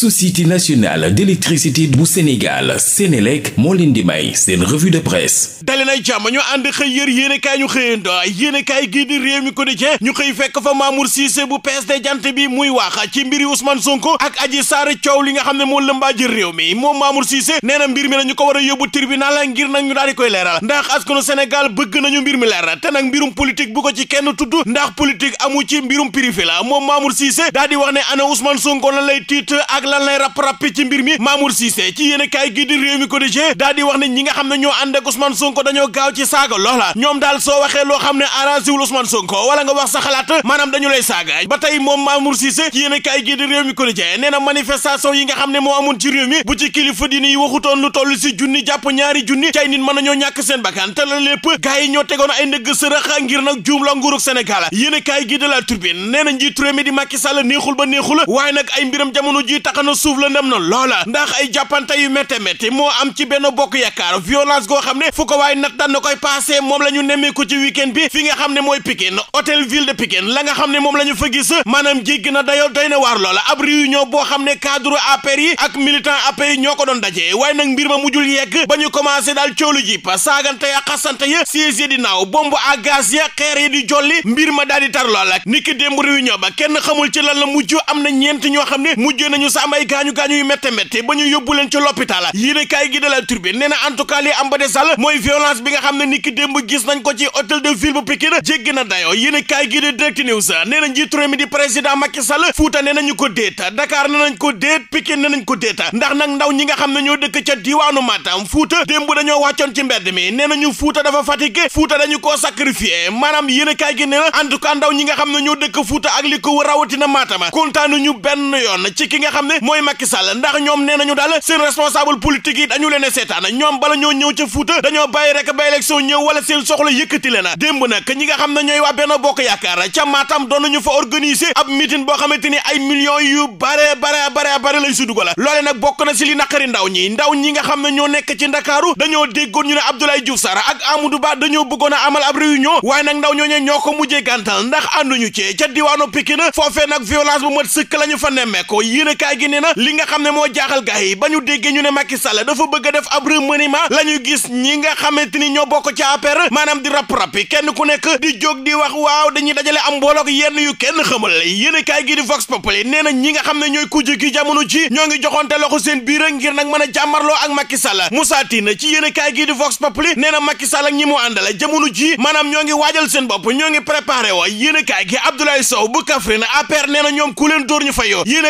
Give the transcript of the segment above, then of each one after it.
société nationale d'électricité bu Sénégal Sénélec moo leen di may seen revue de presse dali jàmm ñu ànd xëy yër yéenekaay ñu xëyando yéenekaay gii di réew mi ko di ce ñu xëy fekk fa Mamour Cissé bu PSD jant bi muy wax ci mbiri Ousmane Sonko ak Adji Sarr coow li nga xam ne moo lëmbaa jël réew mi moom Mamour Cissé nee na mbir mi la ñu ko war a yóbbu tribunal ngir nag ñu daal di koy leeral ndax askanu Sénégal bëgg nañu mbir mi leeral te nag bu ko ci kenn tudd ndax politique amu ci mbirum privé la moom Mamour Cissé daal lan lay rap rappi ci mbir mi Mamour Cissé ci yéen kaay gi di réew mi quotidien daal di wax ne ñi nga xam ne ñoo ànd ak Ousmane Sonko dañoo gaaw ci saaga la ñoom daal soo waxee loo xam ne arrangé wul Ousmane Sonko wala nga wax sa xalaat maanaam dañu lay saaga ba tey moom Mamour Cissé ci yéen kaay gi di réew mi quotidien nee na manifestation yi nga xam ne moo amoon ci réew mi bu ci kilifa diine yi waxutoon lu toll si junni jàpp ñaari junni cay nit mën na ñàkk seen bakkan te la lépp gars yi ngir nag juum la nguurug Sénégal gi de la turbine nee na njiitu réew mi di Macky Sall neexul ba neexul waaye nag ay mbiram jamono ji tax taq na suuf la na loola ndax ay jàppante yu métte métti moo am ci benn bokk yaakaar violence goo xam ne fu ko waaye nat daan na koy passé moom la ñu nemmeeku ci week bi fi nga xam ne mooy Pikine hôtel ville de Pikine la nga xam ne moom la ñu fa gis maanaam jéggi na dayoo doy na waar loola ab ñoo boo xam ne cadre APR yi ak militant APR ñoo ko doon dajee waaye nag mbir ma mujjul yegg ba ñu commencé daal coolu ji pa saagante ya xasante ya siège di naaw bomb à ya yi di jolli mbir ma daal di tar loola niki démb réunion ba kenn xamul ci lan la mujj am na ñeent ñoo xam ne mujj nañu sa am ay gaañu-gaañu yu métte métte ba ñu yóbbu leen ci l'hôpital yéene kaay gi de la nee na en tout mooy violence bi nga xam ne ni ki démb gis nañ ko ci hôtel de ville bu Pikine jéggi na dayoo yéene kaay gi de Direct News nee na njiitu mi di président Macky Fuuta nee nañu ko déet Dakar nee nañ ko déet Pikine nee nañ ko déet ndax nag ndaw ñi nga xam ne ñoo dëkk ca diwaanu Matam Fuuta démb dañoo wàccoon ci mbedd mi nee nañu Fuuta dafa fatigué Fuuta dañu koo sacrifié maanaam yéene kaay gi nee na en tout cas ndaw ñi nga xam ne ñoo dëkk Fuuta ak li ko rawatina Matam kontaanu ñu benn yoon ci nga xam ne mooy Macky Sall ndax ñoom nee nañu daal seen responsable politique yi dañu leen seetaan ñoom bala ñoo ñëw ca Fuuta dañoo bàyyi rek ba élection ñëw wala seen soxla yëkkati leen démb nag ñi nga xam ne ñooy waa Benno Bokk Yaakaar ca Matam doon fa organiser ab meeting boo xamante ni ay millions yu bare bare bare bare lañ si dugal loole nag bokk na si li naqari ndaw ñi ndaw ñi nga xam ne ñoo nekk ci Ndakaaru dañoo déggoon ñu ne Abdoulaye Diouf Sarr ak Amadou Ba dañoo a amal ab réunion ndaw ñoo ko mujjee gàntal ndax ànduñu ci ca diwaanu Pikine foofee nag violence bu mat sëkk lañu fa nemmeeko gi nee li nga xam ne moo jaaxal gars yi ba ñu déggee ñu ne Macky Sall dafa bëgg a def ab remaniement la ñu gis ñi nga xamante ni ñoo bokk ci APR maanaam di rapp rap yi kenn ku nekk di jóg di wax waaw dañuy dajale am mbooloo yenn yu kenn xamal yéen a kaay gi di Vox Populi nee na ñi nga xam ne ñooy kujje gi jamono ci ñoo ngi joxonte loxo seen biir ngir nag mën a jàmmarloo ak Macky Sall Moussa Tine ci yéen a kaay gi di Vox Populi nee na Macky Sall ak ñi mu àndale jamono ji maanaam ñoo ngi waajal seen bopp ñoo ngi préparé woo yéen a kaay gi Abdoulaye Sow bu ñoom ku leen dóor ñu fa yoo yéen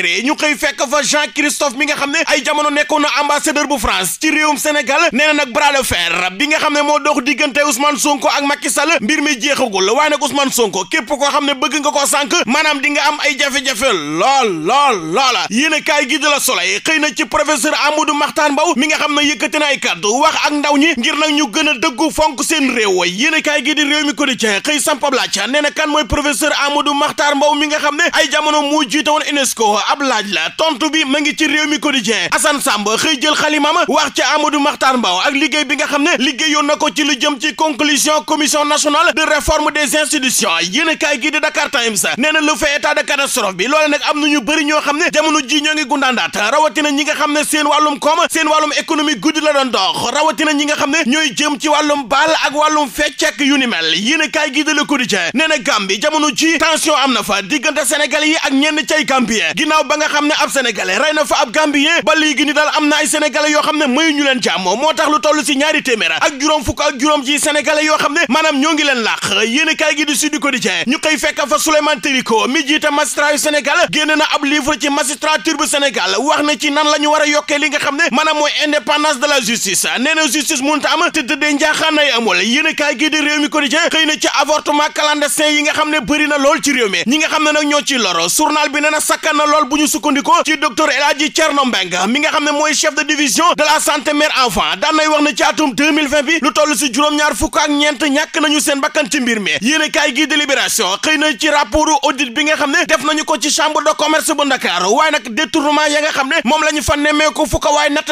l'Observateur ñu xëy fekk fa Jean Christophe mi nga xam ne ay jamono nekkoon na ambassadeur bu France ci réewum Sénégal nee na nag bras de fer bi nga xam ne moo dox diggante Ousmane Sonko ak Macky Sall mbir mi jeexagul waaye nag Ousmane Sonko képp koo xam ne bëgg nga ko sànq maanaam di nga am ay jafe-jafe lool lool loola yéen a kaay gi de la Soleil xëy na ci professeur Amadou Mahtar Mbow mi nga xam ne yëkkati na ay kàddu wax ak ndaw ñi ngir nag ñu gën a dëggu fonk seen réew yéen a kaay gi di réew mi quotidien xëy sampablaca nee na kan mooy professeur Amadou Mahtar Mbow nga xam ne ay jamono moo jiite woon UNESCO ab laaj la tontu bi ma ngi ci réew mi quotidien Assane Samb xëy jël xalimam wax ci Amadou Makhtar Mbow ak liggéey bi nga xam ne liggéeyoon na ko ci lu jëm ci conclusion commission nationale de réforme des institutions yéen a kaay gi di Dakar Times nee na lu fa état de catastrophe bi loole nag am na ñu bëri ñoo xam ne jamono ji ñoo ngi gundaandaat rawatina ñi nga xam ne seen wàllum koom seen wàllum économie guddi la doon dox rawatina ñi nga xam ne ñooy jëm ci wàllum baal ak wàllum fecc ak yu ni mel yéen a kaay gi di Le Quotidien nee na Gambie jamono ji tension am na fa diggante yi ak ñenn cay Gambien ginnaaw ba nga xam ne ab sénégalais rey na fa ab gambien ba léegi ni am na ay sénégalais yoo xam ne mayu ñu leen jàmm moo tax lu toll si ñaari téeméer ak juróom fukk ak juróom ci sénégalais yoo xam ne maanaam ñoo ngi leen làq yéen kaay gi di Sud Quotidien ñu koy fekk fa Souleymane Téliko mi jiite magistrat yu Sénégal génn na ab livre ci magistrature bu Sénégal wax na ci nan la ñu war a yokkee li nga xam ne maanaam mooy indépendance de la justice nee na justice mënta am ne bëri na lool ci réew mi ñi nga xam lool bu ñu sukkandikoo ci docteur El Hadji Thierno Mbengue mi nga xam ne mooy chef de division de la santé mère enfant daan wax ne ci atum bi lu toll si juróom-ñaar fukk ak ñeent ñàkk nañu seen bakkan ci mbir mi yéen kaay gi délibération xëy na ci rapport audit bi nga xam ne def nañu ko ci chambre de commerce bu Ndakaaru waaye nag détournement ya nga xam ne moom la ñu fa nemmeeku fukk waaye natt